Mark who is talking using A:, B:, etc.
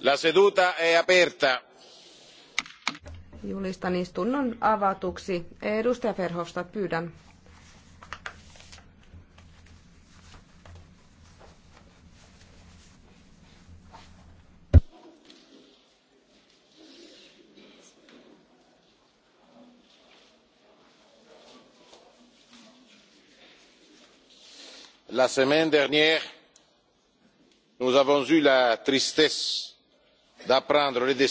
A: La seduta è aperta.
B: Julistan istunnon avatuksi. Edustaja Verhofstadt, pyydän.
C: La semaine dernière, nous avons eu la tristesse
D: da prendere le decisioni